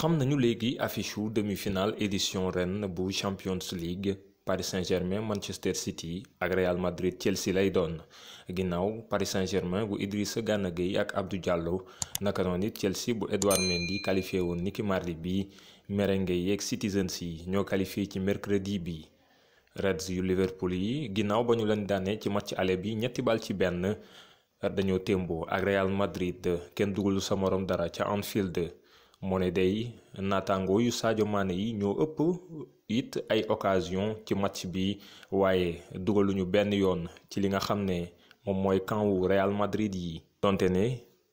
xam nañu léegi affiche u demi-finale édition ren bu Champions League Paris Saint-Germain Manchester City ak Real Madrid Chelsea lay doon ginnaaw Paris Saint-Germain bu Idrissa Gana Gueye ak Abdou Diallo naka noonu it Chelsea bu Edouard Mendy qualifié woon niki mardi bi merengue yeeg citizens yi ñoo qualifié ci mercredi bi. Reds yu Liverpool yi ginnaaw ba ñu leen daanee ci match aller bi ñetti bal ci benn dañoo témboo ak Real Madrid kenn dugalu sa morom dara ca Anfield. moo ne day naataango yu Sadio Mané yi ñoo ëpp it ay occasion ci match bi waaye dugaluñu benn yoon ci li nga xam ne moom mooy camp wu Real Madrid yi donte ne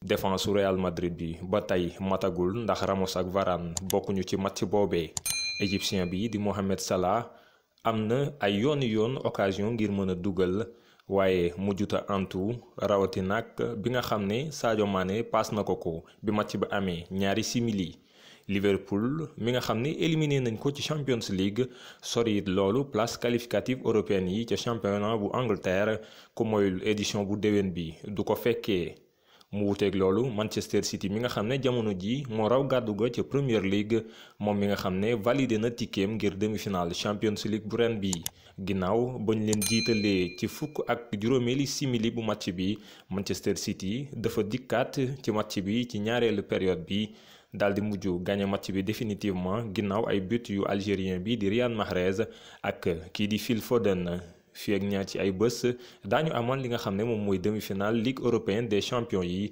défense su Real Madrid bi ba tey matagul ndax Ramos ak Varane bokkuñu ci match boobee égyptien bi di Mohamed Salah am na ay yoon yoon occasion ngir mën a dugal waaye mujjuta antu rawati nag bi nga xam ne Sadio Mané paas na ko ko bi match bi amee ñaari simili Liverpool mi nga xam ne éliminé nañ ko ci Champions League sori it loolu place qualificative européenne yi ca championnat bu Angleterre ku moyul édition bu déwén bi du ko fekkee mu wuteeg loolu Manchester City mi nga xam ne jamono ji moo raw gàddu ga ca Premier League moom mi nga xam ne validé na tikkeem ngir demi-finale Champions League bu ren bi ginnaaw bañ leen jiitalee ci fukk ak juróomeeli simili bu match bi Manchester City dafa dikkaat ci match bi ci ñaareelu période bi daal di mujj gagné match bi définitivement ginnaaw ay bit yu algérien bi di Riyad Mahrez ak kii di Phil Foden fii ak ñaar ci ay bés daañu amoon li nga xam ne moom mooy demi-finale Ligue européenne des champions yi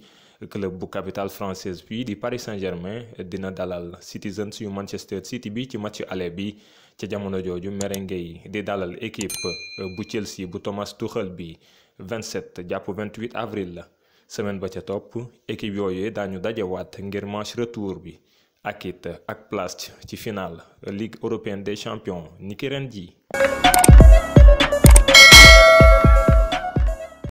club bu capitale française bi di Paris Saint-Germain dina dalal Citizens yu Manchester City bi ci match aller bi ca jamono jooju merengue yi di dalal équipe euh, bu Chelsea bu Thomas Tuchel bi 27 jàpp 28 avril la semaine ba ca topp équipe yooyu daañu dajewaat ngir match retour bi ak it ak place ci finale Ligue européenne des champions niki ren